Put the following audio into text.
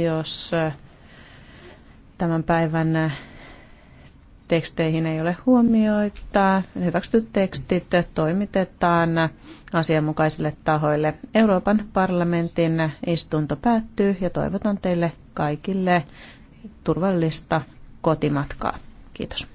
jos äh, tämän päivän äh, teksteihin ei ole huomioita, hyväksytyt tekstit toimitetaan asianmukaisille tahoille. Euroopan parlamentin istunto päättyy ja toivotan teille kaikille turvallista kotimatkaa. Kiitos.